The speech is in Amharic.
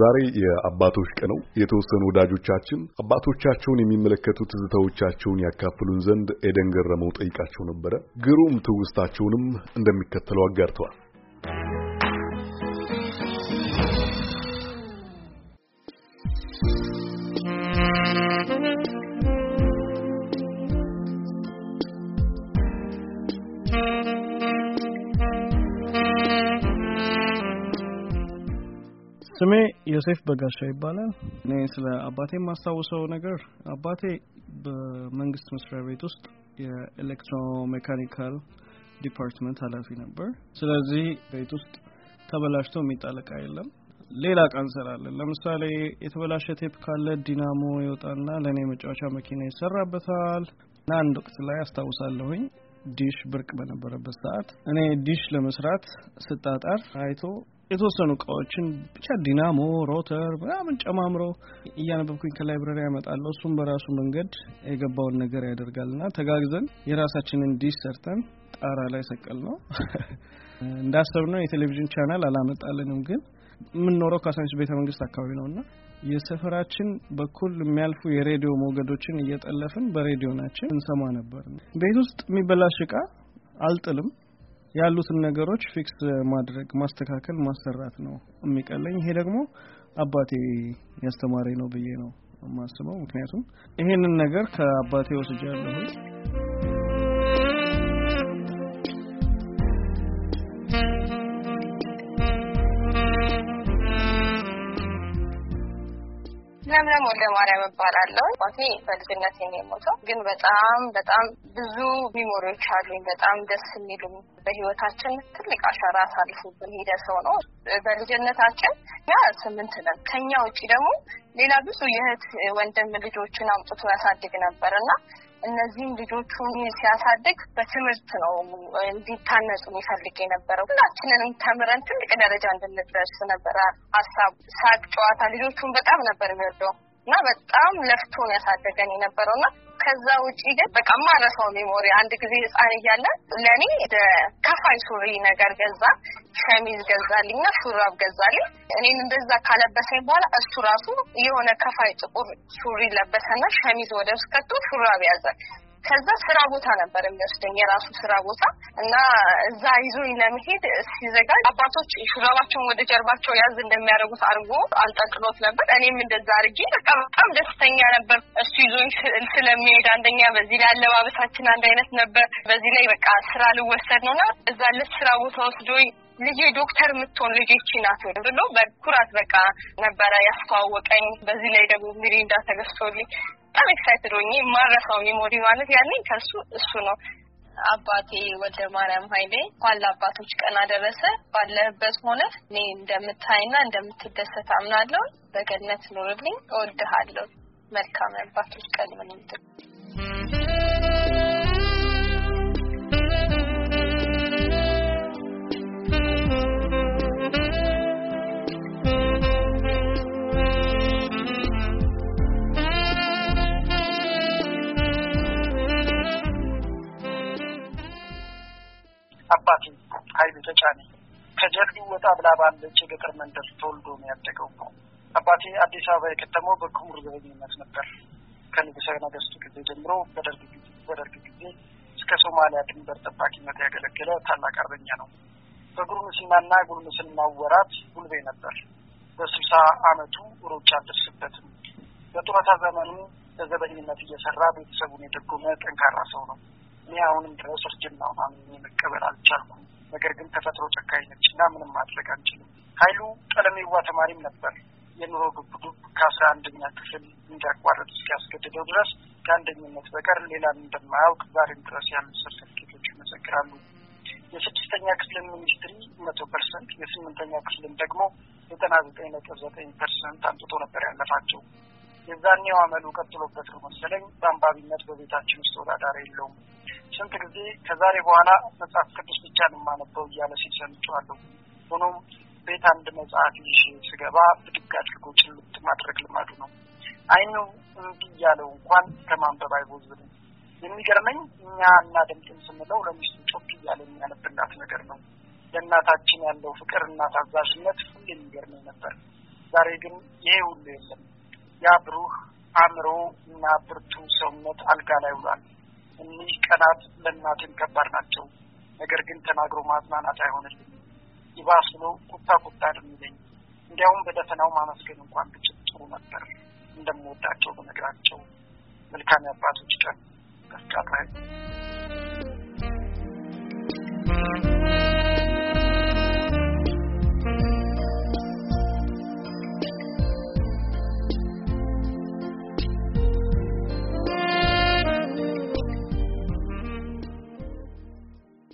ዛሬ የአባቶች ቀን ነው። የተወሰኑ ወዳጆቻችን አባቶቻቸውን የሚመለከቱ ትዝታዎቻቸውን ያካፍሉን ዘንድ ኤደን ገረመው ጠይቃቸው ነበረ። ግሩም ትውስታቸውንም እንደሚከተለው አጋርተዋል። ስሜ ዮሴፍ በጋሻ ይባላል። እኔ ስለ አባቴ የማስታውሰው ነገር አባቴ በመንግስት መስሪያ ቤት ውስጥ የኤሌክትሮሜካኒካል ዲፓርትመንት ኃላፊ ነበር። ስለዚህ ቤት ውስጥ ተበላሽቶ የሚጣል እቃ የለም። ሌላ እቃ እንሰራለን። ለምሳሌ የተበላሸ ቴፕ ካለ ዲናሞ ይወጣና ለእኔ መጫወቻ መኪና ይሰራበታል። እና አንድ ወቅት ላይ አስታውሳለሁኝ ዲሽ ብርቅ በነበረበት ሰዓት እኔ ዲሽ ለመስራት ስጣጣር አይቶ የተወሰኑ እቃዎችን ብቻ ዲናሞ፣ ሮተር ምናምን ጨማምሮ እያነበብኩኝ ከላይብረሪ ያመጣለሁ። እሱም በራሱ መንገድ የገባውን ነገር ያደርጋልና ተጋግዘን የራሳችንን ዲሽ ሰርተን ጣራ ላይ ሰቀል ነው እንዳሰብነው የቴሌቪዥን ቻናል አላመጣልንም፣ ግን የምንኖረው ካሳንች ቤተ መንግስት አካባቢ ነውና የሰፈራችን በኩል የሚያልፉ የሬዲዮ ሞገዶችን እየጠለፍን በሬዲዮ ናችን እንሰማ ነበር። ቤት ውስጥ የሚበላሽ እቃ አልጥልም ያሉትን ነገሮች ፊክስ ማድረግ ማስተካከል፣ ማሰራት ነው የሚቀለኝ። ይሄ ደግሞ አባቴ ያስተማረኝ ነው ብዬ ነው የማስበው። ምክንያቱም ይሄንን ነገር ከአባቴ ወስጃለሁ። ለምለም ወልደ ማርያም እባላለሁ። አባቴ በልጅነት የሞተው ግን በጣም በጣም ብዙ ሚሞሪዎች አሉኝ። በጣም ደስ የሚሉ በህይወታችን ትልቅ አሻራ አሳልፎብን ሄደ ሰው ነው። በልጅነታችን ያ ስምንት ነን። ከኛ ውጭ ደግሞ ሌላ ብዙ የእህት ወንድም ልጆችን አምጥቶ ያሳድግ ነበር እና እነዚህም ልጆቹ ሲያሳድግ በትምህርት ነው እንዲታነጹ የሚፈልግ የነበረው። ሁላችንንም ተምረን ትልቅ ደረጃ እንድንደርስ ነበረ ሀሳብ። ሳቅ፣ ጨዋታ ልጆቹን በጣም ነበር የሚወደው እና በጣም ለፍቶን ያሳደገን የነበረው እና ከዛ ውጪ ግን በቃ ማረሰው ሜሞሪ አንድ ጊዜ ህፃን እያለ ለእኔ ከፋይ ሱሪ ነገር ገዛ፣ ሸሚዝ ገዛልኝ እና ሹራብ ገዛልኝ። እኔን እንደዛ ካለበሰኝ በኋላ እሱ ራሱ የሆነ ከፋይ ጥቁር ሱሪ ለበሰና ሸሚዝ ወደ ውስጥ ከቶ ሹራብ ያዘ። ከዛ ስራ ቦታ ነበር የሚወስደኝ የራሱ ስራ ቦታ እና እዛ ይዞኝ ለመሄድ ሲዘጋጅ አባቶች ሹራባቸውን ወደ ጀርባቸው ያዝ እንደሚያደርጉት አድርጎ አልጠቅሎት ነበር። እኔም እንደዛ አድርጌ በቃ በጣም ደስተኛ ነበር። እሱ ይዞኝ ስለሚሄድ አንደኛ በዚህ ላይ አለባበሳችን አንድ አይነት ነበር። በዚህ ላይ በቃ ስራ ልወሰድ ነው ነውና እዛ ለት ስራ ቦታ ወስዶኝ ልጄ ዶክተር የምትሆን ልጆች ናት ብሎ በኩራት በቃ ነበረ ያስተዋወቀኝ። በዚህ ላይ ደግሞ ሚሪንዳ ተገዝቶልኝ በጣም ኤክሳይትድ ሆኜ የማረሳው ሜሞሪ ማለት ያለኝ ከሱ እሱ ነው። አባቴ ወደ ማርያም ኃይሌ እንኳን ለአባቶች ቀን አደረሰ ባለህበት ሆነ እኔ እንደምታይና እንደምትደሰት አምናለሁ። በገነት ኑርልኝ። እወድሃለሁ። መልካም አባቶች ቀን ምንምትል ነኝ። ከጀርቢ ወጣ ብላ ባለች የገጠር መንደር ተወልዶ ነው ያደገው። አባቴ አዲስ አበባ የከተመው በክቡር ዘበኝነት ነበር። ከንጉሠ ነገስቱ ጊዜ ጀምሮ በደርግ ጊዜ እስከ ሶማሊያ ድንበር ጠባቂነት ያገለገለ ታላቅ አርበኛ ነው። በጉርምስናና ጉርምስና ወራት ጉልቤ ነበር። በስልሳ ዓመቱ ሩጫ አልደርስበትም። በጡረታ ዘመኑ በዘበኝነት እየሰራ ቤተሰቡን የደጎመ ጠንካራ ሰው ነው። እኔ አሁንም ድረስ እርጅናውን አምኜ መቀበል አልቻልኩም። ነገር ግን ተፈጥሮ ጨካኝ ነች እና ምንም ማድረግ አንችልም። ኃይሉ ቀለሜዋ ተማሪም ነበር። የኑሮ ዱብዱብ ከአስራ አንደኛ ክፍል እንዲያቋረጥ እስኪያስገድደው ድረስ ከአንደኝነት በቀር ሌላም እንደማያውቅ ዛሬም ድረስ ያሉ ሰርተፍኬቶች ይመሰክራሉ። የስድስተኛ ክፍልን ሚኒስትሪ መቶ ፐርሰንት የስምንተኛ ክፍልን ደግሞ ዘጠና ዘጠኝ ነጥብ ዘጠኝ ፐርሰንት አምጥቶ ነበር ያለፋቸው። የዛኔው አመሉ ቀጥሎበት ነው መሰለኝ በአንባቢነት በቤታችን ውስጥ ተወዳዳሪ የለውም። ስንት ጊዜ ከዛሬ በኋላ መጽሐፍ ቅዱስ ብቻ ነው የማነበው እያለ ሲል ሰምቼዋለሁ። ሆኖም ቤት አንድ መጽሐፍ ይዤ ስገባ ብድግ አድርጎ ጭልጥ ማድረግ ልማዱ ነው። አይኑ እንዲ እያለው እንኳን ከማንበብ አይቦዝንም። የሚገርመኝ እኛ እና ደምጥም ስንለው ለሚስቱ ጮክ እያለ የሚያነብላት ነገር ነው። ለእናታችን ያለው ፍቅር እና ታዛዥነት ሁሉ የሚገርመኝ ነበር። ዛሬ ግን ይሄ ሁሉ የለም። ያ ብሩህ አእምሮ እና ብርቱ ሰውነት አልጋ ላይ ውሏል። እኒህ ቀናት ለእናቴም ከባድ ናቸው። ነገር ግን ተናግሮ ማዝናናት አይሆንልኝ። ይባስ ብሎ ቁጣ ቁጣ የሚለኝ እንዲያውም በደፈናው ማመስገን እንኳን ብችል ጥሩ ነበር። እንደምወዳቸው በነግራቸው መልካም የአባቶች ቀን በፍቃዱ ኃይል